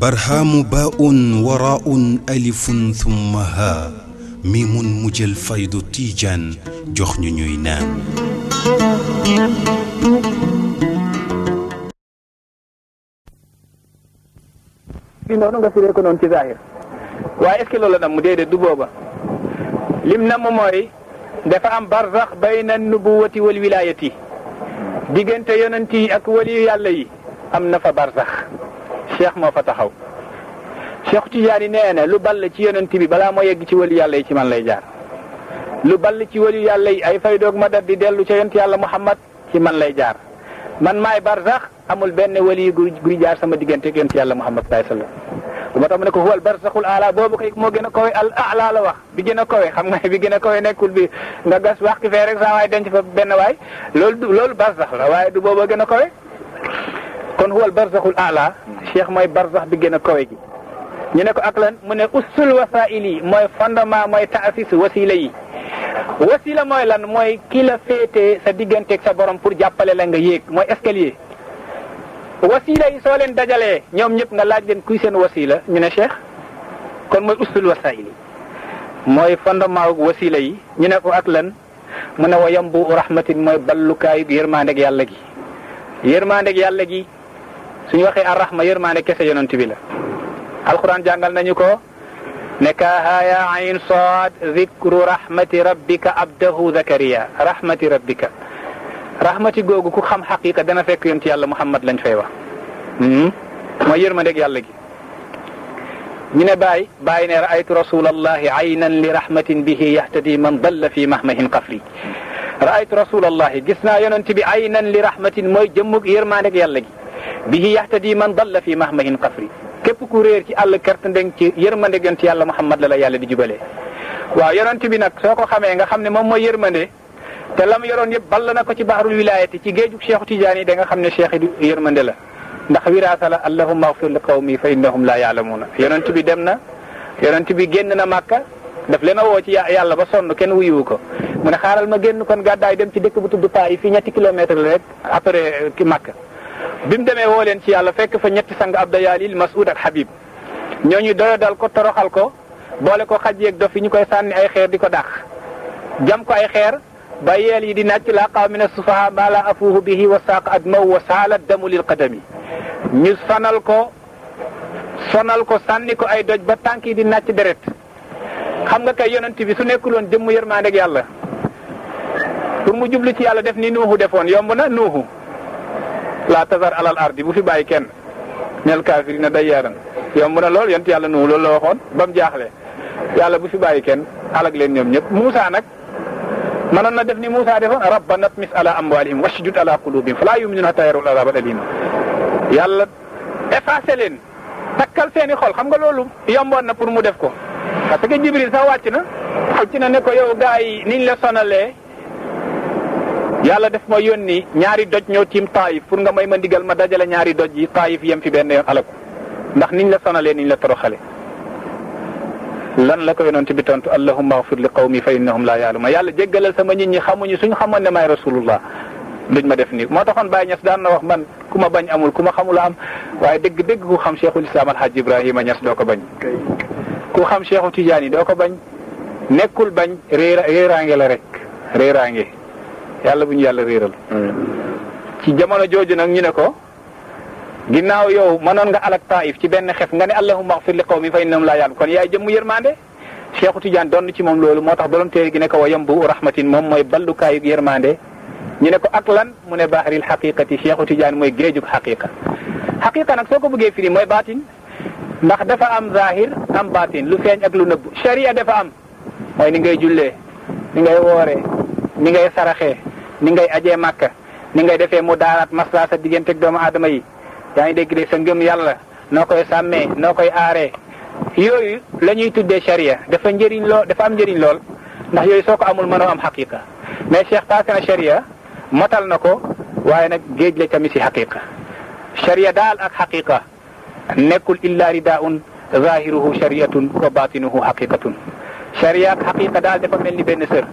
barhaamu baa'un waraa'un alifun thumma haa miimun mu jël faydu tiijaan jox ñu ñuy naan. bi noonu nga firee ko noonu ci zahir waaye est-ce que mu déedéet du booba lim nam mooy dafa am barzax bayna nubuwati wal wilaayati diggante yonent yi ak waliyu yàlla yi am na fa barzax cheikh moo fa taxaw cheikh Tijaani nee na lu ball ci yonent bi balaa moo yegg ci waliyu yàlla yi ci man lay jaar lu ball ci waliyu yàlla yi ay faydoog madad di dellu ca yonent yàlla Muhammad ci man lay jaar man maay barzax amul benn yi guy jaar sama diggante gën yonent yàlla Muhammad sallallahu alayhi wa lu ma tax mu ne ko huwal barsaxul ala boobu kay moo gën a kawe al ala la wax bi gën a kawe xam nga bi gën a kawe nekkul bi nga gas wax ki fee rek saa waay denc fa benn waay loolu du loolu la waaye du booba gën a kawe kon huwal barsaxul ala cheikh mooy barsax bi gën a kawe gi ñu ne ko ak lan mu ne usul wasail yi mooy fondement mooy taasis wasila yi wasila mooy lan mooy ki la féetee diggante digganteeg sa borom pour jàppale la nga yéeg mooy escalier wasiila yi soo leen dajalee ñoom ñëpp nga laaj leen kuy seen wasiila ñu ne cheikh kon mooy ustul wasaayil yi mooy fondement wasiila yi ñu ne ko ak lan mu ne wa yambu rahmatin mooy ballukaay yërmaandeg yàlla gi yërmaandeg yàlla gi suñu waxee arrahma yërmaande kese yonent bi la alquran jàngal nañu ko ne kaahaya ayn saad zikru rahmati rabbika abdahu zakariya rahmati rabbika rahmati googu ku xam xaqiqa dana fekk yonent yàlla Muhammad lañ fay wax hmm? mooy yërmandeeg yàlla gi ñu ne Baye Baye ne raaytu rasulallahi aynan li rahmatin bihi yahtadi man dalla fi mahmahin qafri raaytu rasulallahi gis naa yonent bi aynan li rahmatin mooy jëmmug yërmandeeg yàlla gi bihi yahtadi man dalla fi mahmahin qafri képp ku réer ci àll kerte ndeng ci yërmandeeg yonent yàlla Muhammad la la yàlla di jubalee waaw yonent bi nag soo ko xamee nga xam ne moom mooy yërmande te lam yoroon yëpp ball na ko ci baharul wilayati ci géejug cheikhu tijaani da nga xam ne cheikh yi yërmande la ndax wiraasa la allahumma agfir li qawmi fa innahum laa yaalamuuna yonent bi dem na yonent bi génn na màkka daf leen a woo ci yàlla ba sonn kenn wuyuwu ko mu ne xaaral ma génn kon gàddaay dem ci dëkk bu tudd paa yi fii ñetti kilomètre la rek après euh, ki màkk bi mu demee woo leen ci yàlla fekk fa ñetti sang abdayalil masud ak habib ñooñu doyo dal ko toroxal ko boole ko xaj yeeg dof yi ñu koy sànni ay xeer di ko dàq ko ay xeer ba yeel yi di nàcc laa qaw min assufaha maa la afuuhu bihi wa saaq admaw wa saala damu lil qadami ñu sonal ko sonal ko sànni ko ay doj ba tànk yi di nàcc deret xam nga kay yonent bi su loon jëmm yërmaande ak yàlla pour mu jublu ci yàlla def ni nuuhu defoon yomb na nuuhu laa tasar alal ardi bu fi bàyyi kenn nel kaafirina dayyaaran yomb na lool yonent yàlla nuuhu lool la waxoon ba mu jaaxle yàlla bu fi bàyyi kenn alag leen ñoom ñëpp Muusa nag mënoon na def ni Moussa defoon rabbana tmis ala amwalihim washdud ala qulubihim fala yuminuna hatta yarawul azabal alima yàlla effacé leen takkal seeni xol xam nga loolu yomboon na pour mu def ko parce que Jibril sax wàcc na wàcc na ne ko yow gars yi niñ la sonalee yàlla def ma yónni ñaari doj ñoo tiim taayif pour nga may ma ndigal ma dajale ñaari doj yi taayif yem fi benn yoon alaku ndax niñ la sonalee niñ la toroxale lan la ko yonent bi tontu allahumma ighfir li qawmi fa innahum laa ya'lamuun yàlla jéggalal sama nit ñi xamuñu suñ xamoon ne maay rasulullah duñ ma def nii moo taxoon Baye Niass daan na wax man ku ma bañ amul ku ma xamula am waaye dëgg-dëgg ku xam cheikhul islam alhaj Ibrahima Niass doo ko bañ. ku xam cheikhu Tidiane doo ko bañ nekkul bañ réera la rek réeraange yàlla bu yàlla réeral. ci jooju nag ñu ne ko. ginnaaw yow mënoon nga alak taif ci benn xef nga ne allahumma ghfir li qawmi fa innahum la ya'lamun kon yaay jëm yermande cheikhu tidiane don ci mom lolu motax borom téré gi ne ko wayam bu rahmatin mom moy ballukaay yermande ñu ne ko ak lan mu ne bahril haqiqati cheikhu tidiane moy geejub haqiqa haqiqa nak soko bëggee firi moy batin ndax dafa am zahir am batin lu feñ ak lu neub sharia dafa am moy ni ngay julle ni ngay woré ni ngay saraxé ni ngay ajé makka ni ngay défé mu digënté doomu adama yi yaa ngi dégg de sa ngëm yàlla noo koy sàmmee noo koy aaree yooyu lañuy tuddee sharia dafa njëriñ lool dafa am njëriñ lool ndax yooyu soo ko amul mënoo am xaqiqa mais cheikh passé na sharia motal na ko waaye nag géej la tamit si xaqiqa sharia daal ak xaqiqa nekkul illa ridaun zahiruhu shariatun wa batinuhu xaqiqatun sharia ak xaqiqa daal dafa mel ni benn sër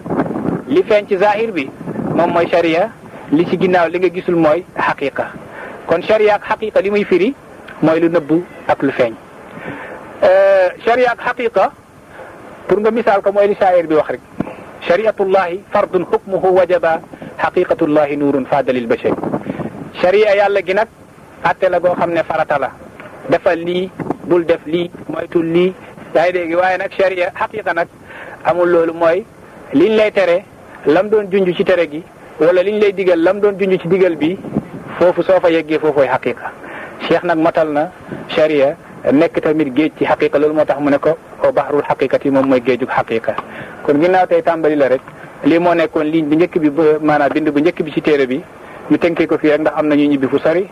li feeñ ci zahir bi moom mooy sharia li ci ginnaaw li nga gisul mooy xaqiqa kon sharia ak xaqiqa li muy firi mooy lu nëbbu ak lu feeñ euh, sharia ak xaqiqa pour nga misaal ko mooy li shaayir bi wax rek shariatullahi fardun xukmuhu wajaba xaqiqatullahi nuurun faadalil bashari sharia yàlla gi nag atte la goo xam ne farata la defal lii bul def lii moytul lii yaa ngi dégg waaye nag sharia xaqiqa nag amul loolu mooy liñ lay tere lam doon junj ci tere gi wala liñ lay digal lam doon junj ci digal bi foofu soo fa yeggee foofooy xaqiqa cheikh nag matal na charia nekk tamit géej ci xaqiqa loolu moo tax mu ne ko bahrul xaqiqati moom mooy géejug xaqiqa kon ginnaaw tey tàmbali la rek lii moo nekkoon ligne bu njëkk bi maanaam bind bu njëkk bi ci téere bi ñu tënkee ko fi rek ndax am na ñu ñibbi fu sori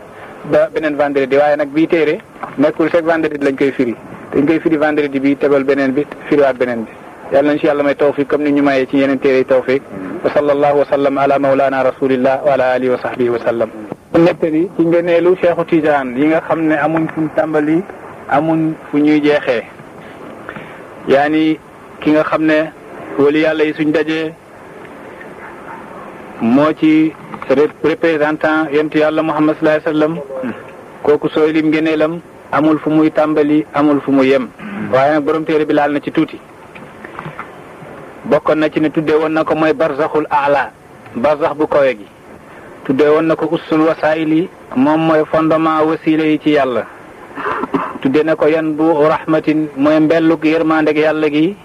ba beneen vendredi waaye nag bii téere nekkul chaque vendredi lañ koy firi koy firi vendredi bi tegal beneen bi firiwaat beneen bi yàlla nañ ci yàlla may tawfiq comme ni ñu ci yeneen téere yi tawfiq wa sallallahu wa sallam ala maulana rasulillah wa ala alihi wa nettali ci ngëneelu Seexu Tijaan yi nga xam ne amuñ fuñ tàmbali amuñ fu ñuy jeexee yaani ki nga xam ne wali yàlla yi suñ dajee moo ci représentant yonentu yàlla Muhammad sallallahu alayhi wasallam kooku sooy lim ngëneelam amul fu muy tàmbali amul fu mu yem waaye nag borom téere bi laal na ci tuuti bokkoon na ci ne tuddee woon na ko mooy barzaxul aala barzax bu kawe gi tuddee woon na ko ussul wasaayil moom mooy fondement wasiila yi ci yàlla tudde na ko yan bu rahmatin mooy mbellug yërmandeg yàlla gi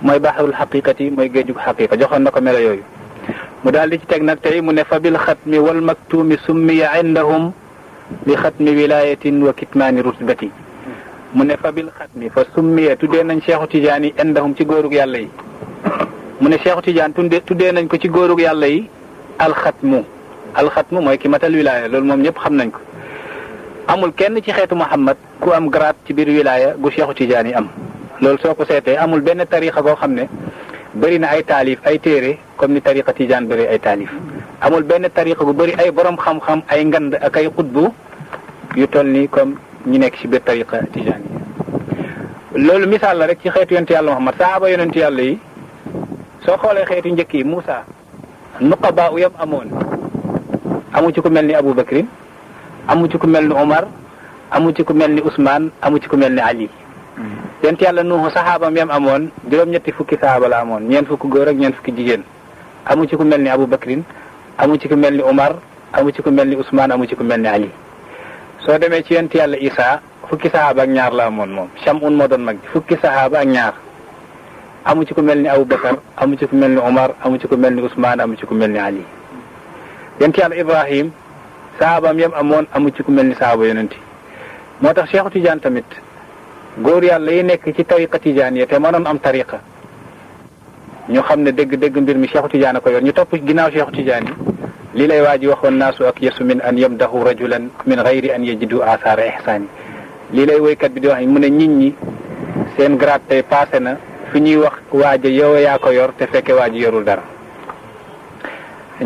mooy baxarul xaqiqat yi mooy géejug xaqiqa joxoon na ko melo yooyu mu daal di ci teg nag tey mu ne fa bil xatmi wal maktuumi summiya indahum li xatmi wilayatin wa kitmaani rutbati mu ne fa bil xatmi fa summiya tuddee nañ Cheikhu Tidiane yi indahum ci góorug yàlla yi mu ne Cheikhu Tidiane tudde nañ ko ci góorug yàlla yi alxatmu alxatmu mooy ki matal wilaaya loolu moom ñëpp xam nañ ko amul kenn ci xeetu Muhammad ku am grade ci biir wilaaya gu Seexu Tijaan yi am loolu soo ko seetee amul benn tarixa goo xam ne bari na ay taalif ay téere comme ni tariqa Tijaan bëri ay taalif amul benn tariqa gu bari ay boroom xam-xam ay ngand ak ay xutbu yu tol nii comme ñi nekk ci biir tariqa Tijaan yi loolu misaal la rek ci xeetu yonent yàlla Muhammad saaba yonent yàlla yi soo xoolee xeetu njëkk yi Muusa nuqaba u yam amoon amu ci ku mel ni amu ci ku mel ni omar amu ci ku mel ni ousmane amu ci ku mel ni ali yent yàlla sahaba mi am amon juróom ñetti fukki sahaba la amoon ñen fukki goor ak ñen fukki jigen. amu ci ku mel ni amu ci ku mel ni omar amu ci ku mel ni ousmane amu ci ku mel ni ali So deme ci yent yalla isa fukki sahaba ak ñaar la amon mom. shamun moo mag fukki sahaba ak ñaar amu ci ku mel ni amu ci ku mel ni omar amu ci ku mel ni ousmane amu ci ku mel ni ali yonent yàlla Ibrahim saabaam yem amoon amu ci ku mel ni saaba yonent moo tax Cheikhu Tidiane tamit góor yàlla yi nekk ci tariqa Tidiane yi ma noon am tariqa ñu xam ne dëgg-dëgg mbir mi Cheikhu Tidiane ko yor ñu topp ginnaaw Cheikhu Tidiane yi lii lay waa ji waxoon naasu ak yesu min an yamdahu rajulan min gayri an yajidu asaara ihsaani lii lay woykat bi di wax mu ne nit ñi seen grade tey passé na fi ñuy wax waaja yow yaa ko yor te fekke waaji yorul dara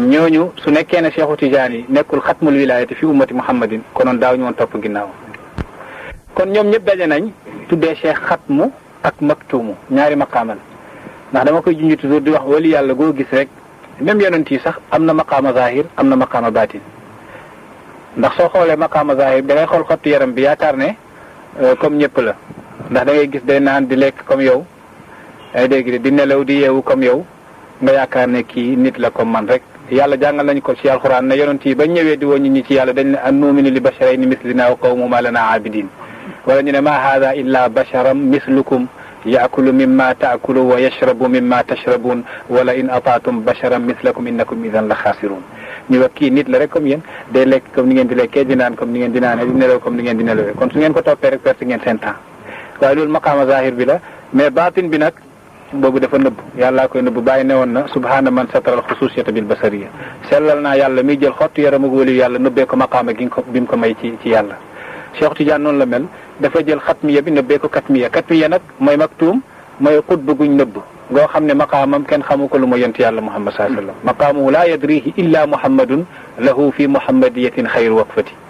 ñooñu su nekkee ne Cheikhu Tidiane yi nekkul xatmul wilayati fi ummati muhammadin konoon daaw ñu woon topp ginnaaw kon ñoom ñëpp daje nañ tuddee cheikh xatmu ak mag maktuumu ñaari maqaamal ndax dama koy junj toujours di wax wali yàlla goo gis rek même yonent yi sax am na maqaama zahir am na maqaama baatin ndax soo xoolee maqaama zahir da xool xottu yaram bi yaakaar ne euh, comme ñëpp la ndax dangay gis day naan di lekk comme yow ay di nelaw di yeewu comme yow nga yaakaar ne kii nit la comme man rek yàlla jàngal nañ ko ci alxuraan ne yonent yi bañ ñëwee di woon nit ñi ci yàlla dañ ne an nuuminu li basharayni mislina wa qawmuma lana abidin wala ñu ne ma haada illa basharam mislukum yaakulu mimma taakulu wa yashrabu mimma tashrabun wala in ataatum basharan mislakum innakum idan la xaasirun ñu wax kii nit la rek comme yéen day lekk comme ni ngeen di lekkee di naan comme ni ngeen di naanee di nelaw comme ni ngeen di nelawee kon su ngeen ko toppee rek perte ngeen seen temps waaye loolu maqaama zahir bi la mais baatin bi nag boobu dafa nëbb yàllaa koy nëbb bàyyi ne woon na subhaana man sataral xususiyata bil basariya sellal naa yàlla miy jël xottu yaram a waliyu yàlla nëbbee ko maqaama gi ko bi mu ko may ci ci yàlla Cheikh Tidiane noonu la mel dafa jël xatmiya bi nëbbee ko katmiya katmiya nag mooy maktuum mooy xutba guñ nëbb goo xam ne maqaamam kenn xamu ko lu ma yent yàlla muhammad saa sallam maqaamu laa yadrihi illa muhammadun lahu fi muhammadiyatin xayru waqfati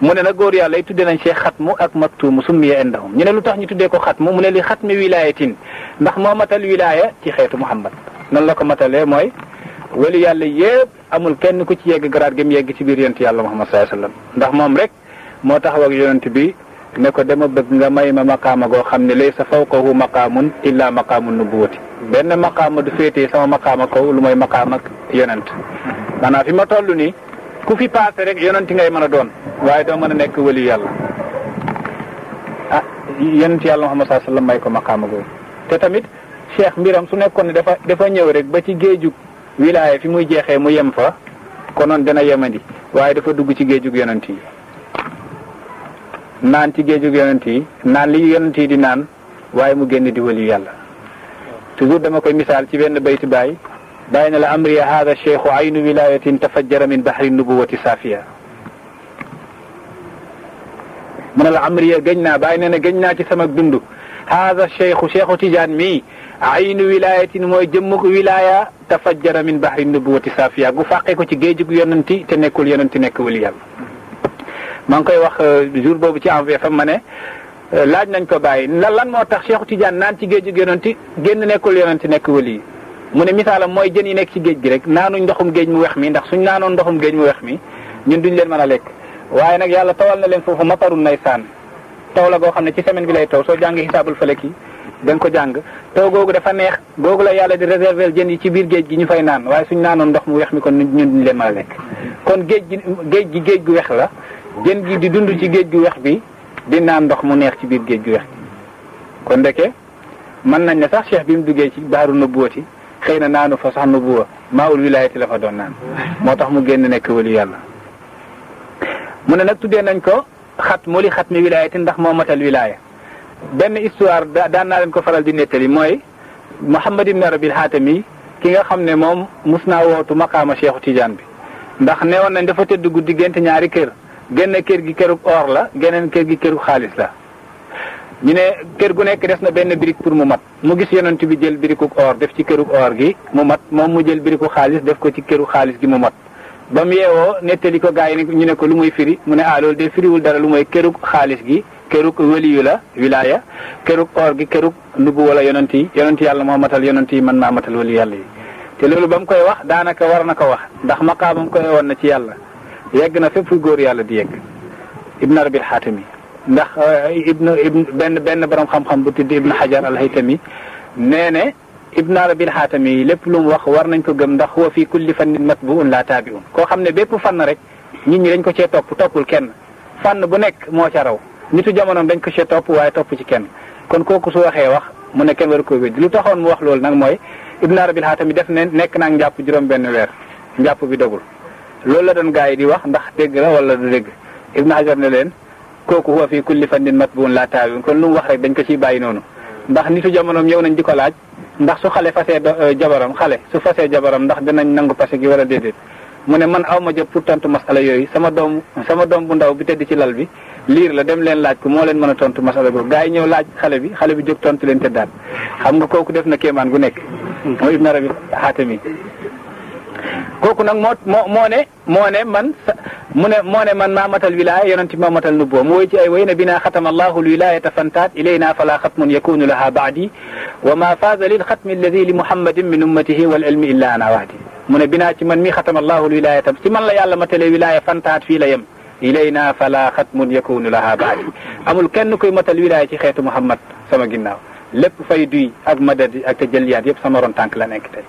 mu ne nag góor yàlla yi tuddee nañ see xatmu ak maktuumu summiya indahum ñu ne lu tax ñu tuddee ko xatmu mu ne li xatmi wilaayatin ndax moo matal wilaaya ci xeetu Muhammad noonu la ko matalee mooy wali yàlla yëpp amul kenn ku ci yegg garaat gi yegg ci biir yonent yàlla Muhammad sallallahu alayhi wasallam ndax moom rek moo taxaw ak yonent bi ne ko dama bëgg nga may ma maqaama goo xam ne laysa fawqahu maqaamun illaa maqaamu nubuwati benn maqaama du féetee sama maqaama kaw lu mooy maqaam ak yonent maanaam fi ma toll nii ku fi passé rek yonent ngay mëna doon waaye doo mëna nekk wali yàlla ah yonent yàlla muhammad saa sallam may ko maqaama googu te tamit cheikh mbiram su nekkoon ne dafa dafa ñëw rek ba ci géejug wilaya fi muy jeexee mu yem fa konoon dana yemandi waaye dafa dugg ci géejug yonent yi naan ci géejug yonent yi naan li yonent yi di naan waaye mu génn di wali yàlla toujours dama koy misaal ci benn bayti bàyyi بين الأمر هذا الشيخ عين ولاية تفجر من بحر النبوة سافيا من الأمر جنا بيننا جنا تسمك بندو هذا الشيخ شيخ تجان مي عين ولاية موي جمك ولاية تفجر من بحر النبوة سافيا قفاقه كي جيجك يننتي تنكول يننتي نكول يال من كي وقت زور بوبي تي عمفي فمانة لاج نانكو باي لان موتاك شيخ تجان نانتي جيجك يننتي جن نكول يننتي نكولي mu ne misaalam mooy jën yi nekk ci géej gi rek naanuñ ndoxum géej mu wex mi ndax suñ naanoon ndoxum géej mu wex mi ñun duñ leen mën a lekk waaye nag yàlla tawal na leen foofu matarul naysaan taw la goo xam ne ci semaine bi lay taw soo jàng xisaabul falak yi da ko jàng taw googu dafa neex googu la yàlla di réserver jën yi ci biir géej gi ñu fay naan waaye suñ naanoon ndox mu wex mi kon ñun duñ leen mën a lekk kon géej gi géej gi géej gu wex la jën gi di dund ci géej gu wex bi di naan ndox mu neex ci biir géej gu wex kon ndeke mën nañ ne sax cheikh bi mu duggee ci baaru nubuwati xëy na naanu fa sax nubuwa maawul wilaayati la fa doon naan moo tax mu génn nekk wali yàlla mu ne nag tuddee nañ ko xat mu li xat mi wilaayati ndax moo matal wilaaya benn histoire daan naa leen ko faral di nettali mooy Muhammad ibn Arabil Haatami ki nga xam ne moom mus naa wootu maqaama Cheikhu Tidiane bi ndax ne woon nañ dafa tëdd guddi gént ñaari kër genn kër gi këru or la geneen kër gi kërug xaalis la ñu ne kër gu nekk des na benn birig pour mu mat mu gis yonent bi jël birikuk or def ci këru or gi mu mat moom mu jël biriku xaalis def ko ci këru xaalis gi mu mat ba mu yeewoo nettali ko gaa yi ñu ne ko lu muy firi mu ne ah loolu de firiwul dara lu mooy këru xaalis gi këru wëliyu la wilaaya këru or gi këru ndugg wala yonent yi yonent yàlla moo matal yonent yi mën naa matal wali yàlla yi te loolu ba mu koy wax daanaka war na ko wax ndax maqaamam koy woon na ci yàlla yegg na fépp góor yàlla di yegg ndax eh, ibnu ibn benn benn borom xam-xam bu tudd ibnu xajar alhaytami nee ne ibnu arabil xaatami lépp lu wax war nañ ko gëm ndax huwa fi kulli fannin matbuun laa taabiun koo xam ne bépp fànn rek nit ñi dañ ko cee topp toppul kenn fànn bu nekk moo ca raw nitu jamonoom dañ ko cee topp waaye topp ci kenn kon kooku su waxee wax mu ne kenn war ko wéddi lu taxoon mu wax loolu nag mooy ibnu arabil xaatami def ne nekk naa njàpp juróom benn weer njàpp bi dogul loolu la doon gaa yi di wax ndax dégg la wala du dégg ibnu xajar ne leen kooku huwa fi kulli fannin matbuun laa taawin kon lu mu wax rek dañ ko ciy bàyyi noonu ndax nitu jamonoom ñëw nañ di ko laaj ndax su xale fasee euh, jabaram xale su fasee jabaram ndax dinañ nangu passé gi war a déedéet mu ne man aw ma jot pour tontu masala yooyu sama doom sama doom bu ndaw bi tëdd ci lal bi liir la dem leen laaj ko moo leen mën a tontu masala boobu gars yi ñëw laaj xale bi xale bi jóg tontu leen tëddaat xam nga kooku def na kéemaan gu nekk hmm. mooy ibn arabi xaatami kooku nag moo moo moo ne moo ne man mu ne moo ne man maa matal wilaaya yonent bi moo matal nubuwa mu woy ci ay woy ne binaa xatama allahu lwilayata fantaat ilayna fala xatmun yakunu laha baadi wa ma faaza lil xatmi alladi li muhammadin min ummatihi wal ilmi illa ana wahdi mu ne binaa ci man mii xatama allahu lwilayata ci man la yàlla matalee wilaaya fantaat fii la yem ilayna fala xatmun yakunu laha baadi amul kenn koy matal wilaaya ci xeetu muhammad sama ginnaaw lépp fay duy ak madadi ak tajaliyaat yëpp sama ron tànk la nekk tey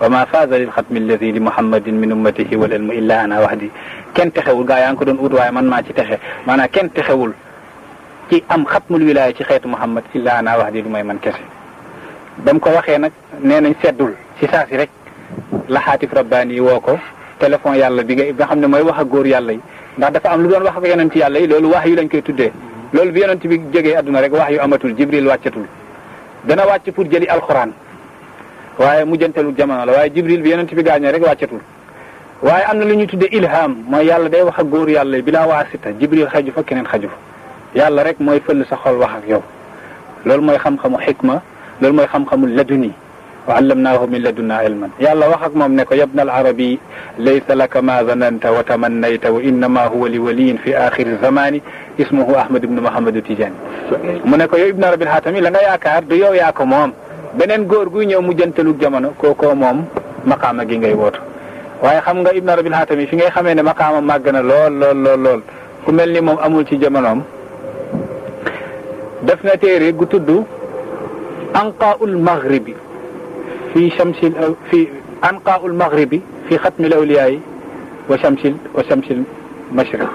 wa ma faaza lil xatmi alladi li muhammadin min ummatihi wal ilmu illa ana wahdi kenn texewul gaa yaa ngi ko doon ut waaye man maa ci texe maanaam kenn texewul ci am xatmul wilaaya ci xeetu muhammad illa ana wahdi lu may man kese ba ko waxee nag nee nañ seddul si saa si rek la xaatif rabbaani yi woo ko téléphone yàlla bi nga xam ne mooy wax ak góor yàlla yi ndax dafa am lu doon wax ak yonent yàlla yi loolu wax yu lañ koy tudde loolu bi yonent bi jógee adduna rek wax yu amatul jibril wàccatul dana wàcc pour jëli alxuraan waaye mujjantelu jamono la waaye jibril bi yonent bi gaañoo rek wàccatul waaye am na lu ñuy tudde ilham mooy yàlla day wax ak góor yàlla bi bilaa waasita jibril xaju fa keneen xaju fa yàlla rek mooy fëll sa xol wax ak yow loolu mooy xam-xamu xikma loolu mooy xam-xamu laduni wa allamnahu min ladunna ilman yàlla wax ak moom ne ko yabna al arabi laysa laka ma zananta wa tamannayta wa innama huwa li waliyin fi axiri zamani ismuhu ahmad ibnu mahamadu tijani mu ne ko yow ibnu arabi al xaatami la nga yaakaar du yow yaa ko moom beneen góor guy ñëw mujjantalu jamono kookoo moom maqaama gi ngay wootu waaye xam nga Ibn Arabil Xaatami fi ngay xamee ne maqaama màgg na lool lool lool lool ku mel ni moom amul ci jamonoom def na téere gu tudd anqaa'ul maghribi fi shamsil fi anqaa'ul maghribi fi xatmil awliyaa yi wa shamsil wa shamsil mashriq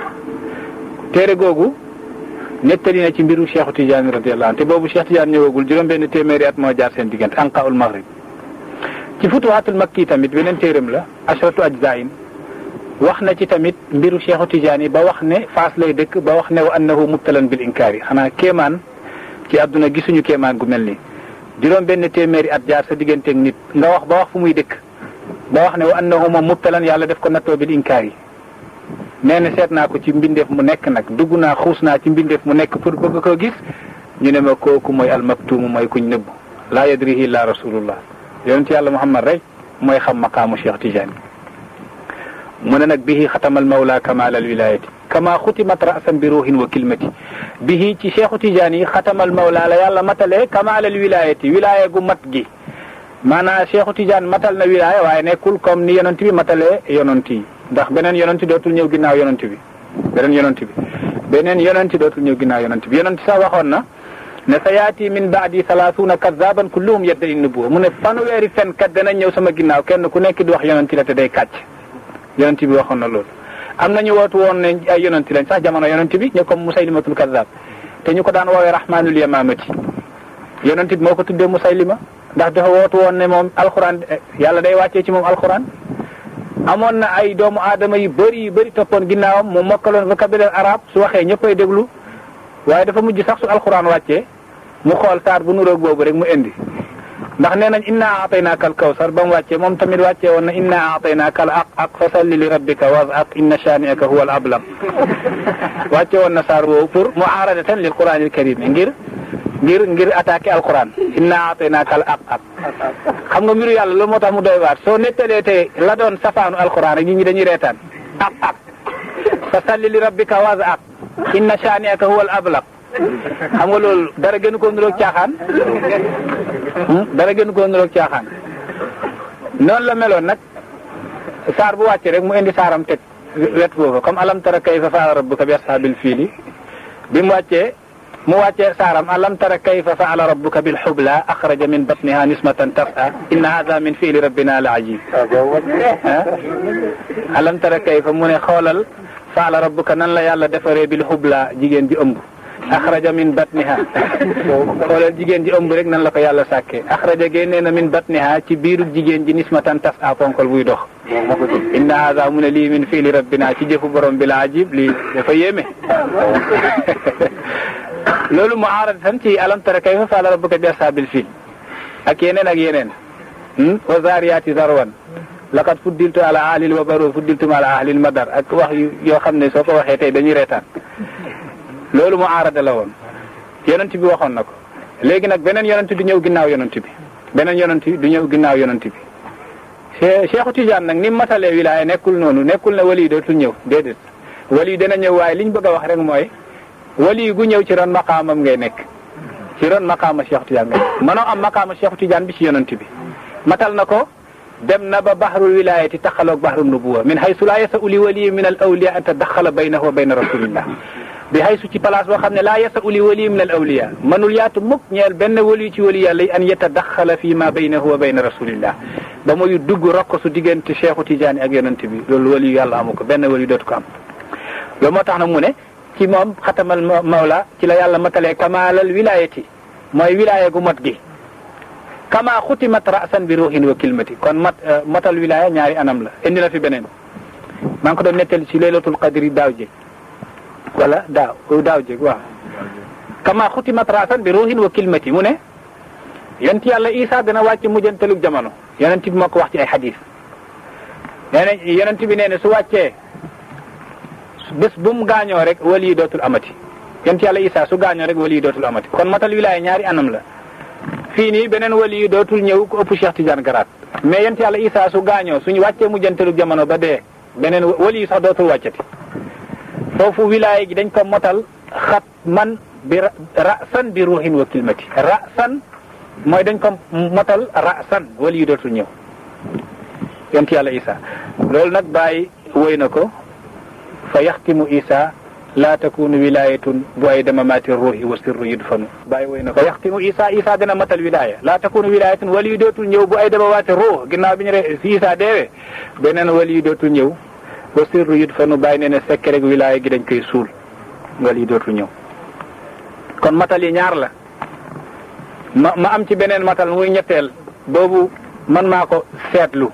téere googu nettali na ci mbiru Cheikh Tidiane radiyallahu anhu te boobu Cheikh Tidiane ñëwagul juróom-benn téeméeri at moo jaar seen diggante anqaul maghrib ci futuhaatul makki tamit beneen téeram la ashratu ajzain wax na ci tamit mbiru Cheikh Tidiane ba wax ne Faas lay dëkk ba wax ne wa annahu mubtalan bil inkaari xanaa kemaan ci àdduna gisuñu kéemaan gu mel nii juróom benn téeméeri at jaar sa digganteek nit nga wax ba wax fu muy dëkk ba wax ne wa annahu moom mubtalan yàlla def ko nattoo bil inkaari nee na seet naa ko ci mbindeef mu nekk nag dugg naa xuus naa ci mbindeef mu nekk pour bëgg koo gis ñu ne ma kooku mooy almaktuum mooy kuñ nëbb laa yadrihi illa rasulullah yonent yàlla muhammad rek mooy xam maqaamu cheikh Tidiane mu ne nag bihi xatamal mawla kamal al wilayati kama xutimat rasan bi ruuhin wa kilmati bihi ci cheikhu Tidiane yi xatamal mawla la yàlla matale kamal al wilayati gu mat gi maanaa cheikhu Tidiane matal na wilaya waaye nekkul comme ni yonent bi ndax beneen yonent dootul ñëw ginnaaw yonent bi beneen yonent bi beneen yonent dootul ñëw ginnaaw yonent bi yonent sax waxoon na ne sa yaati min baadi salaasuuna kazaban kulluhum yadda'i nubuwwa mu ne fanweeri fenkat dana ñëw sama ginnaaw kenn ku nekk di wax yonent la te day kàcc yonent bi waxoon na loolu. am na ñu wootu woon ne ay yonent lañ sax jamono yonent bi ñu comme Musaylimatul Kazzab te ñu ko daan woowee rahmaanul yamaamati yonent bi moo ko amoon na ay doomu aadama yu bëri yu bëri toppoon ginnaawam mu mokkaloon vocabulaire araab su waxee ñëppay déglu waaye dafa mujj sax su alxuraan wàccee mu xool saar bu nuroog boobu rek mu indi ndax nee nañ inna aataynaaka al kawsar ba mu wàccee moom tamit wàccee na inna aataynaaka al aqaq fa salli li rabbika inna shaani'aka huwa al ablam wàcce woon na saar woowu pour muaaradatan lil qur'aanil kariim ngir ngir ngir attaqué alquran inna aataynaaka al aqaq xam nga mbiru yàlla loolu moo tax mu doy waar soo nettalee te la doon safaanu alquran rek nit ñi dañuy reetaan aqaq fa salli li rabbika waz'ak inna shaani'aka huwa al ablam xam nga loolu dara gënu ko caaxaan Hmm? dara gën koo niroog caaxaan noonu la meloon nag saar bu wàcc rek mu indi saaram teg wet foofu comme alam tara kayfa faala rabbuka bi ashaabil fiili bi mu wàccee mu wàccee saaram alam tara kayfa faala rabbuka bil xubla axraja min batniha nismatan tasa inna hada min fiili rabbina la ajib alam tara kayfa mu ne xoolal faala rabbuka nan la yàlla defaree bil xubla jigéen ji ëmb axraja min batniha xoolal jigéen ji ëmb rek nan la ko yàlla sàkke axraja génnee na min batniha ci biiru jigéen ji nismatan tas a ponkal buy dox inna haza mu ne lii min fii li rabbina ci jëfu borom bi la ajib lii dafa yéeme loolu mu aaratan ci alam tara kayfa faala rabbuka bi ashabil fiil ak yeneen ak yeneen hmm? wa zaariyaati zarwan laqad fuddiltu ala ahlil wabar wa fuddiltum ala ahlil madar ak wax yoo xam ne soo ko waxee tey dañuy reetaan loolu mu aarada la woon yonent bi waxoon na ko léegi nag beneen yonent du ñëw ginnaaw yonent bi beneen yonent du ñëw ginnaaw yonent bi Cheikhu Tidiane nag ni matale wilaaya nekkul noonu nekkul na wali yi dootul ñëw déedéet wali yi dana ñëw waaye liñ bëgg a wax rek mooy wali yi gu ñëw ci ron maqaamam ngay nekk ci ron maqaama Cheikhu Tidiane ngay nekk mënoo am maqaama Cheikhu Tidiane bi ci yonent bi matal na ko dem na ba bahrul wilaayati taxaloog bahrul nubuwa min haysu laa yasa uli wali min al awliya an tadaxala baynahu wa bayna rasulillah bi xay su ci place boo xam ne laa yasa uli wali min al awliya mënul yaatu mukk ñeel benn wali ci waliya lay an yatadaxala fi ma baynahu wa bayna rasulillah ba muy dugg rokk su diggante Cheikhu Tidiane ak yonent bi loolu wali yàlla amu ko benn wali dootu ko am moo tax na mu ne ci moom xatamal mawla ci la yàlla matalee kamaalal wilayati mooy wilaya gu mat gi kama xutimat rasan bi ruuxin wa kilmati kon mat euh, matal wilaya ñaari anam la indi na fi beneen maa ngi ko doon wala daaw daaw jeg waaw kama xutimat raasan bi ruuhin wa kilmati mu ne yonent yàlla isa dana wàcc mujjantalug jamono yonent bi moo ko wax ci ay xadis nee na yonent bi nee na su wàccee bés bu mu gaañoo rek wali yi dootul amati yonent yàlla isa su gaañoo rek wali yi dootul amati kon matal wilaaya ñaari anam la fii nii beneen wali yi dootul ñëw ku ëpp Cheikh Tidiane Garaat mais yonent yàlla isa su gaañoo suñu wàccee mujjantalug jamono ba dee beneen wali yi sax dootul wàccati foofu wilaaya gi dañ ko motal xat man bi rasan bi ruuxin wa kilmati rasan mooy dañ ko motal rasan wala yu dootul ñëw yonent yàlla isa loolu nag bàyyi woy na ko fa yaxtimu isa laa takunu wilayatun bu ay damamaati ruuxi wa sirru yudfanu bàyyi woy na ko fa yaxtimu isa matal wilaya laa takunu wilayatun wala yu dootul ñëw bu ay damamaati ruux ginnaaw bi ñu re si isa deewee beneen wala yu dootul ñëw wa sirru it fa nu bàyyi ne ne sekk rek wilaaya gi dañ koy suul nga lii dootu ñëw kon matal yi ñaar la ma am ci beneen matal muy ñetteel boobu man maa ko seetlu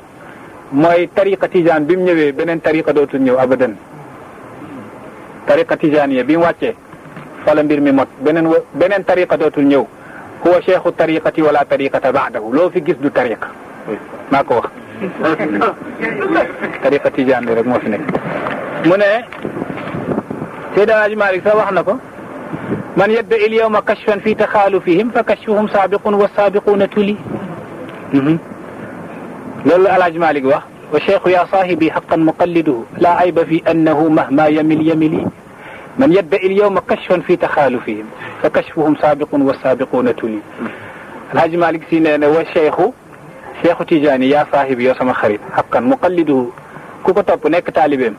mooy tariqa tijaan bi mu ñëwee beneen tariqa dootul ñëw abadan tariqa tijaan yi bi mu wàccee fala mbir mi mot beneen beneen tariqa dootul ñëw huwa cheikhu tariqati wala tariqata baadahu loo fi gis du tariqa maa ko wax طريقة تيجان رك موفي نك من سيدا عاج مالك سواح نكو من يبدأ اليوم كشفا في تخالفهم فكشفهم سابق والسابقون تولي لول الاج مالك واح وشيخ يا صاحبي حقا مقلده لا عيب في أنه مهما يمل يملي من يبدأ اليوم كشفا في تخالفهم فكشفهم سابق والسابقون تولي الحاج مالك سينا والشيخ Seexu Tijaani yaa saahibi yoo sama xarit xaqan muqalliduhu ku ko topp nekk taalibeem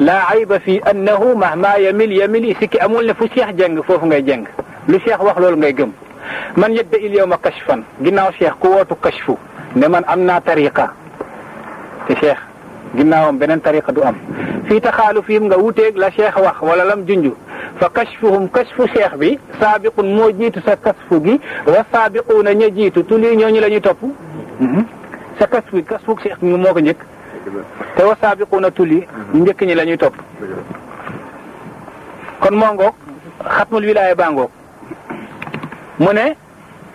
laa ayba fi annahu mahma yamil yamil sikki amul ne fu Cheikh jeng foofu ngay jeng lu Cheikh wax loolu ngay gëm man yedda il yowma kashfan ginnaaw Cheikh ku wootu kashfu ne man am naa tariqa te Cheikh ginnaawam beneen tariqa du am fii taxaalufihim nga wuteeg la Cheikh wax wala lam junju fa kashfuhum kashfu Cheikh bi saabiqun moo jiitu sa kashfu gi wa saabiquuna ña tu tuli ñooñu la ñuy topp Mhm. sa kas wi kas wu Cheikh ñu moo ko njëkk. te wa saabiquuna tulli mhm. ñu njëkk ñi la ñuy topp. kon moo ngoog xatmul wilaaya baa ngoog mu ne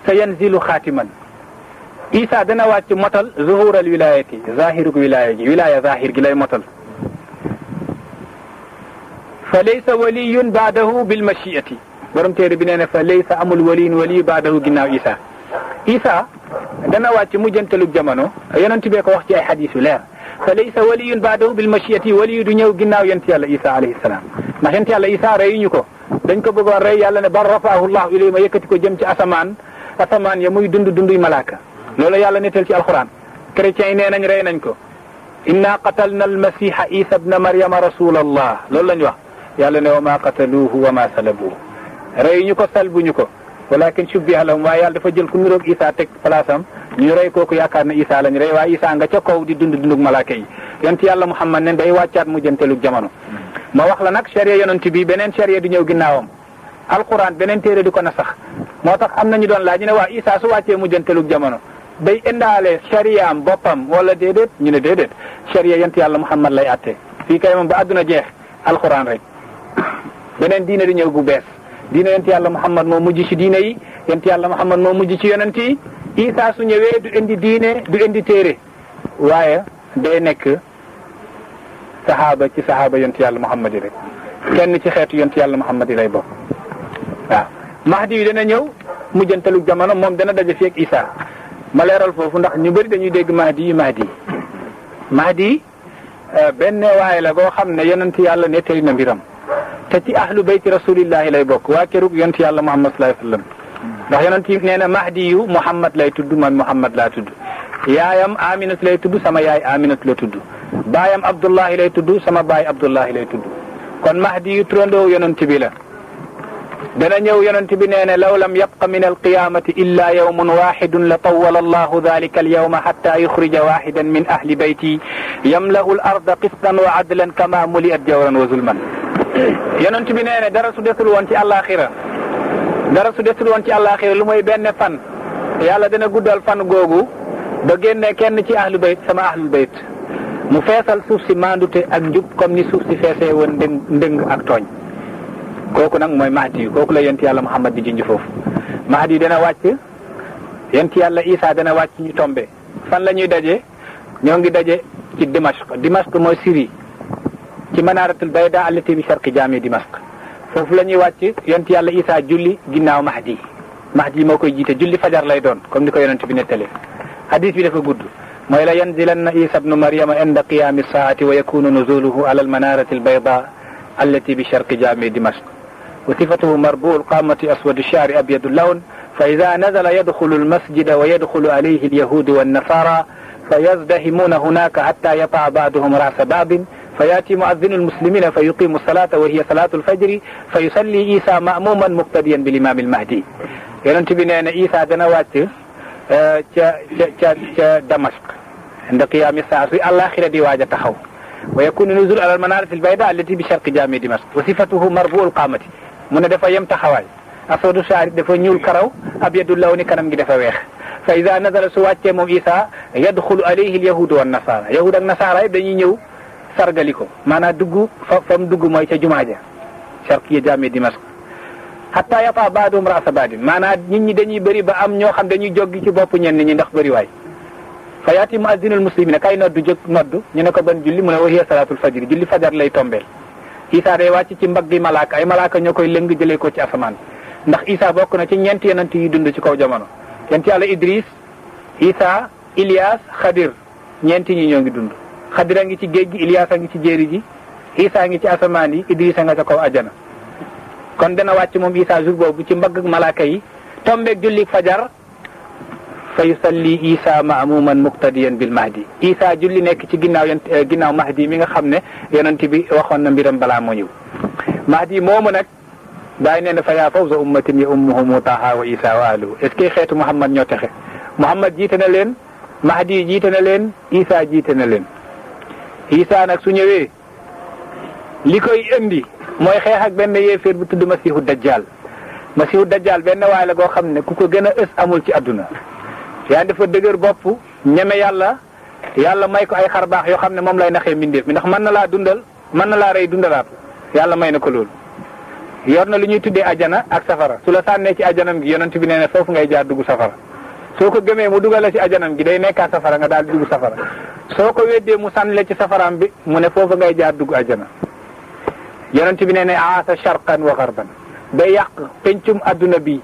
sa yanzilu xaatiman isa dana wàcc motal zuhural wilaayati zahiruk wilaaya gi wilaaya zahir gi lay motal fa laysa waliyun baadahu bil machiati borom téere bi nee na fa laysa amul waliyun waliyu baadahu ginnaaw isa Isa dana wàcc mujjantalu jamono yonent bee ko wax ci ay xadis yu leer fa laysa waliyun baadahu bil machiyati waliyu du ñëw ginnaaw yonent yàlla Isa alayhi salaam ndax yonent yàlla Isa reyuñu ko dañ ko bëggoon rey yàlla ne bal rafaahu llahu ilay ma yëkkati ko jëm ci asamaan asamaan ya muy dund dunduy malaaka loolu yàlla nettal ci alxuraan chrétiens yi nee nañ rey nañ ko inna qatalna almasiha isa bna maryama rasul allah loolu lañ wax yàlla ne wa ma qataluuhu wa ma salabuuhu reyuñu ko salbuñu ko walakin shubbiha lahum waaye yàlla dafa jël ku niroog Isa teg place am ñu rey kooku yaakaar ne Isa lañ rey waaye Isa nga ca kaw di dund dundug malaaka yi yonent yàlla Muhammad ne day wàccaat mujjanteelu jamono mm-hmm. ma wax la nag charia yonent bi beneen charia du ñëw ginnaawam alquran beneen téere di ko sax moo tax am na ñu doon laaj ñu ne waa Isa su wàccee mujjanteelu jamono day indaale charia am boppam wala déedéet ñu ne déedéet charia yonent yàlla Muhammad lay àtte fii kay moom ba àdduna jeex alquran rek beneen diine di ñëw gu bees diine yonent yàlla Muhammad moo mujj ci diine yi yonent yàlla Muhammad moo mujj ci yonent yi Isa su ñëwee du indi diine du indi téere waaye day nekk saxaaba ci saxaaba yonent yàlla Muhammad yi rek kenn ci xeetu yonent yàlla Muhammad yi lay bokk waaw Mahdi yi dana ñëw mujjantalu jamono moom dana daje fi ak Isa ma foofu ndax ñu bari dañuy dégg Mahdi yi Mahdi yi euh, benn waaye la goo xam ne yonent yàlla nettali na mbiram تتي أهل بيت رسول الله لا يبوك واكروك ينتي الله محمد صلى الله عليه وسلم ده ينتي نينا مهدي محمد لا يتدو من محمد لا تدو يا يم آمنة لا يتدو سما يا آمنة لا تدو بايم عبد الله لا يتدو سما باي عبد الله لا يتدو كون مهدي تروندو ينتي بلا دنا نيو ينتي بنينا لو لم يبق من القيامة إلا يوم واحد لطول الله ذلك اليوم حتى يخرج واحدا من أهل بيتي يملأ الأرض قسطا وعدلا كما ملئت جورا وظلما yonent bi nee ne dara su desul woon ci àllaaxira dara su desul woon ci àllaaxira lu mooy benn fan yàlla dana guddal fan googu ba génne kenn ci ahlu bayt sama ahlu bayt mu feesal suuf si maandute ak njub comme ni suuf si feesee woon ndëng ndëng ak tooñ kooku nag mooy mahdi yu kooku la yent yàlla muhammad di junj foofu mahdi yi dana wàcc yent yàlla isaa dana wàcc ñu tombe fan la ñuy daje ñoo ngi daje ci dimashq dimashq mooy Syrie ci manaaratul bayda alati bi sharqi jami dimashq fofu lañuy wàcc yent yàlla isa julli ginnaw Mahdi Mahdi moo koy jiite julli fajar lay doon comme niko yonent bi netale hadith bi dafa gudd moy la yanzilanna Isa ibn maryam inda qiyam as saati wa yakunu nuzuluhu ala al almanarati albayda allati bi sharqi jaami Dimask وصفته مربوع القامة أسود الشعر أبيض اللون فإذا نزل يدخل المسجد ويدخل عليه اليهود والنصارى فيزدهمون هناك حتى يطع بعضهم رأس بعض فياتي مؤذن المسلمين فيقيم الصلاه وهي صلاه الفجر فيصلي عيسى ماموما مقتديا بالامام المهدي. يرن تبين ان عيسى دنا واتي دمشق عند قيام الساعه الاخره دي واجه تخو ويكون نزول على المنارة البيضاء التي بشرق جامع دمشق وصفته مربوع القامة من دفا يم تخوال أسود شعر دفا نيول كرو أبيض اللون كرم دفا ويخ فإذا نزل سواتي موسى يدخل عليه اليهود والنصارى يهود النصارى يبني نيو sargali ko maanaam dugg fa fa mu dugg mooy ca jumaa ja charqiya jaami Dimashq xataa yafa baadoom raasa baadin maanaam nit ñi dañuy bëri ba am ñoo xam dañuy joggi ci bopp ni ñi ndax bëri waay fa yaati muazinul muslimina kay noddu jóg noddu ñu ne ko ban julli mu ne wahiya salaatul fajri julli fajar lay tombeel Isaa day wàcc ci mbaggi malaaka ay malaaka ñoo koy lëng jëlee ko ci asamaan ndax Isaa bokk na ci ñeenti yonent yi dund ci kaw jamono yonent yàlla Idris Isaa Ilias Xadir ñeenti ñi ñoo ngi dund xadira ngi ci géej gi ngi ci jéeri ji Isaa ngi ci asamaan yi Idrisa nga ca kaw ajana kon dana wàcc moom Isaa jour boobu ci mbagg malaaka yi tombeeg jullik fajar fa yusalli Isaa maamuman muqtadiyan bil mahdi Isaa julli nekk ci ginnaaw yent eh, ginnaaw mahdi mi nga xam ne yonent bi waxoon na mbiram balaa moo ñëw mahdi moomu nag bàyyi nee na fa yaa fawza ummatin ya ummuhumu taaha wa Isaa wa aluhu est ce que xeetu jiite na leen mahdi jiite na leen Isaa jiite na leen Isa nag su ñëwee li koy indi mooy xeex ak benn yéeféer bu tudd Masiihu Dajjal Masiihu dajaal benn waay la goo xam ne ku ko gën a ës amul ci àdduna yaa dafa dëgër bopp ñeme yàlla yàlla may ko ay xar baax yoo xam ne moom lay naxee mbindeef mi ndax mën na laa dundal mën na laa rey dundalaat yàlla may na ko loolu. yor na lu ñuy tuddee ajana ak safara su la sànnee ci ajanam gi yonent bi nee na foofu ngay jaar dugg safara. soo ko gëmee mu dugal la ci ajanam gi day nekkaat safara nga daal di dugg safara soo ko weddee mu sànni la ci safaraam bi mu ne foofa ngay jaar dugg ajana yonent bi nee ne aasa sharqan wa garban day yàq pencum àdduna bi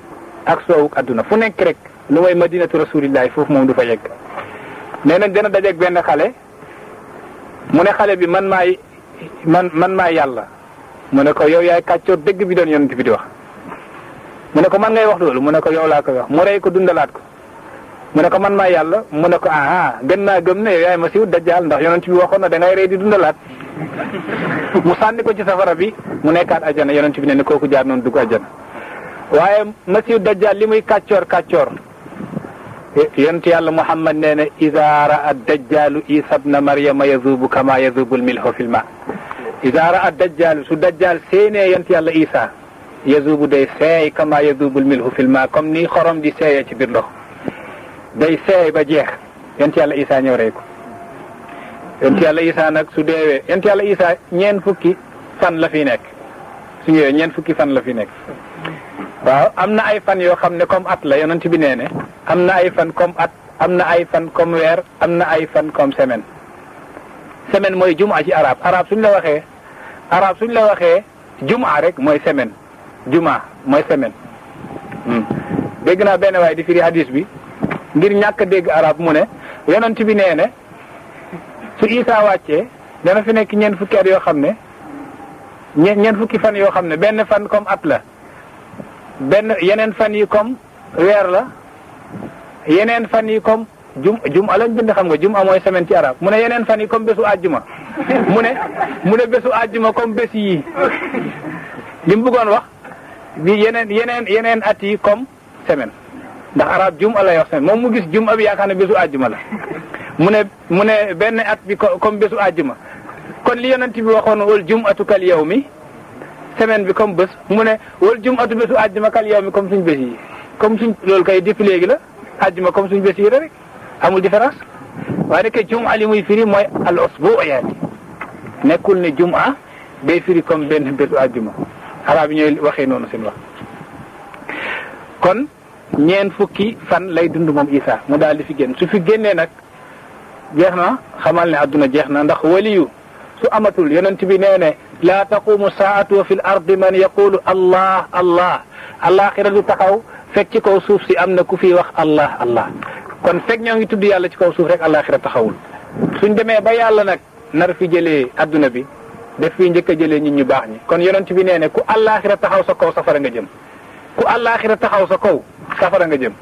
ak soowuk àdduna fu nekk rek lu mooy madinatu rasulillahi foofu moom du fa yegg nee nañ dana dajeeg benn xale mu ne xale bi man maay man man maay yàlla mu ne ko yow yaay kàccoor dëgg bi doon yonent bi di wax mu ne ko man ngay wax loolu mu ne ko yow laa koy wax mu rey ko dundalaat mu ne ko man maa yàlla mu ne ko aha gën naa gëm ne yaay dajjaal ndax yonent bi waxoon na da ngay rey di dundalaat mu sànni ko ci safara bi mu nekkaat ajana yonent bi ne ne kooku jaar noonu dugg ajana waaye masiw dajjaal li muy kàccoor kàccoor yonent yàlla muhammad nee na izaa raa dajjaalu isa bna maryama yazubu kama yazubul milhu fil ma izaa raa dajjaalu su dajjaal seenee yonent yàlla isa yazubu day seey kama yazubul milhu fil ma comme ni xorom di seeyee ci biir day seey ba jeex yent yàlla isa ñëw rey ko yent yàlla isa nag su deewee yent yàlla isa ñeen fukki fan la fi nekk su ñëwee ñeen fukki fan la fi nekk waaw am na ay fan yoo xam ne comme at la yonent bi nee ne ay fan comme at am ay fan comme weer am ay fan comme semaine semaine mooy jumaa ci arab arab suñ la waxee arab suñ la waxee jumaa rek mooy semaine jumaa mooy semaine hmm. dégg naa benn way di firi hadis bi ngir ñàkk dégg arab mu ne yonent bi nee ne su Isaa wàccee dana fi nekk ñeent fukki at yoo xam ne ñeent fukki fan yoo xam ne benn fan comme at la benn yeneen fan yi comme weer la yeneen fan yi comme jum jum a lañ bind xam nga jum a mooy semaine ci araab mu ne yeneen fan yi comme bésu ma mu ne mu ne bésu àjjuma comme bés yii li mu bëggoon wax bi yeneen yeneen yeneen at yi comme semaine ndax arab jum lay wax moom mu gis jum bi yaakaar ne bésu àjjuma la mu ne mu ne benn at bi comme bésu àjjuma kon li yonent bi waxoon wal jum atu kal yow mi semaine bi comme bés mu ne wal jum atu bésu àjjuma kal yow mi comme suñ bés yi comme suñ loolu kay depuis léegi la àjjuma comme suñ bés yi rek amul différence waaye nag jum ali muy firi mooy al usbu yaani nekkul ne jum a day firi comme benn bésu àjjuma arab yi ñooy waxee noonu seen wax kon ñeen fukki fan lay dund moom Isa mu daal di fi génn su fi génnee nag jeex na xamal ne àdduna jeex na ndax waliyu su amatul yonent bi nee ne laa taqumu saatu wa fi l ardi man yaqulu allah allah alaxira du taxaw fekk ci kaw suuf si am na ku fi wax allah allah kon fekk ñoo ngi tudd yàlla ci kaw suuf rek alaxira taxawul suñ demee ba yàlla nag nar fi jëlee àdduna bi def fi njëkk a jëlee nit ñu baax ñi kon yonent bi nee ne ku alaxira taxaw sa kaw safara nga jëm ku alaxira taxaw sa kaw safara nga jëm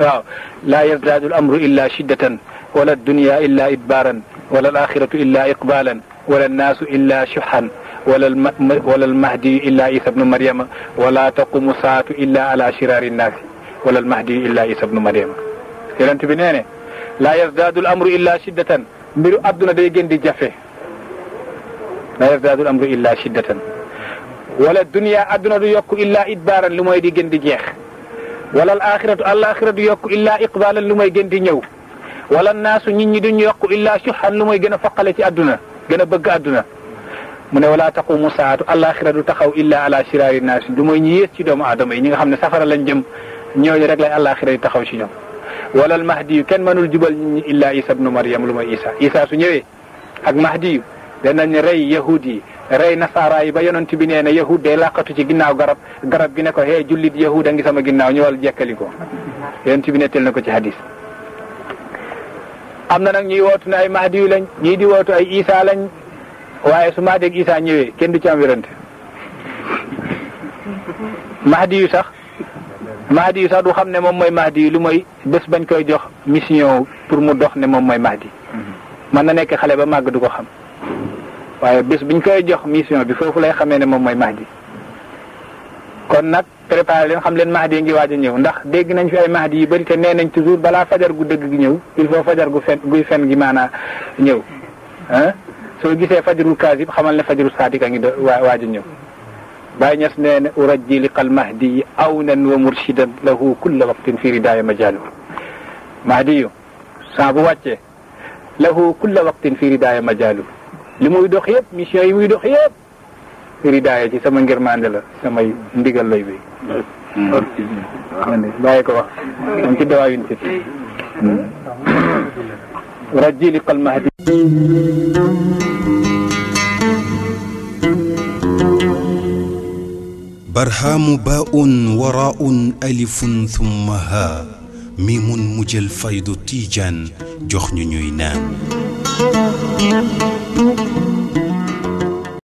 waaw laa yazdaadu al amru illa shiddatan wala dunya illa idbaaran wala al axiratu illa iqbaalan wala annaasu illa shuhan wala wala al mahdiyu illa isa bnu mariama wala taqumu saatu illa ala shiraari nnaasi wala al mahdiyu illa isa bnu mariama yonent bi nee ne laa yazdaadu al amru illa shiddatan mbiru adduna day gën di jafe laa yazdaadu al amru illa shiddatan wala dunya adduna du yokk illa idbaaran lu mooy di gën di jeex wala alaaxiratu alaaxira du yokku illaa iqbaalan lu may gën di ñëw wala naasu nit ñi yokk yokku illaa suxan lu may gën a foqale ci àdduna gën a bëgg àdduna mu ne walaa taqumu saatu alaaxira du taxaw illaa ala shiraari naas du mooy ñi yées ci doomu aadama yi ñi nga xam ne safara lañ jëm ñooñu rek lay alaaxira di taxaw ci ñoom wala al mahdi yu kenn mënul jubal nit ñi illaa isa bnu mariam lu may isa isa su ñëwee ak mahdi yu danañ rey yahud yi rey nasaara yi ba yonent bi nee na yahud day làqatu ci ginnaaw garab garab gi ne ko hey jullit yahud a ngi sama ginnaaw ñëwal jekkali ko yonent bi nettal na ko ci hadis. am na nag ñuy wootu ne ay mahdi yu lañ ñii di wootu ay isa lañ waaye su mahdi ak isa ñëwee kenn du ci am wérante mahdi yu sax mahdi yu sax du xam ne moom mooy mahdi yu lu mooy bés bañ koy jox mission pour mu dox ne moom mooy mahdi mm-hmm. mën na nekk xale ba màgg du ko xam waaye bis biñ koy jox mission bi foofu lay xamee ne moom mooy mahdi kon nag préparé leen xam leen mahdi ngi waaj a ñëw ndax dégg nañ fi ay mahdi yu bëri te nee nañ toujours balaa fajar gu dëgg gi ñëw il faut fajar gu fen guy fen gi maanaa ñëw ah soo gisee fajarul kaasib xamal ne fajarul sadiq a ngi waaj a ñëw bàyyi nee ne باي ناس نين أرجي لقى المهدي أونا ومرشدا له كل وقت في رداية مجاله مهدي صعب واتي له كل وقت في رداية مجاله li muy dox yëpp mission yi muy dox yëpp ridaaya ci sama ngir mande la samay ndigal lay bi hmm. bàyyi ko wax moom ci dawaayun ci hmm. rajji li qal mahdi برهام باء وراء ألف ثم ها ميم مجل فيض تيجان جخن نام Thank you.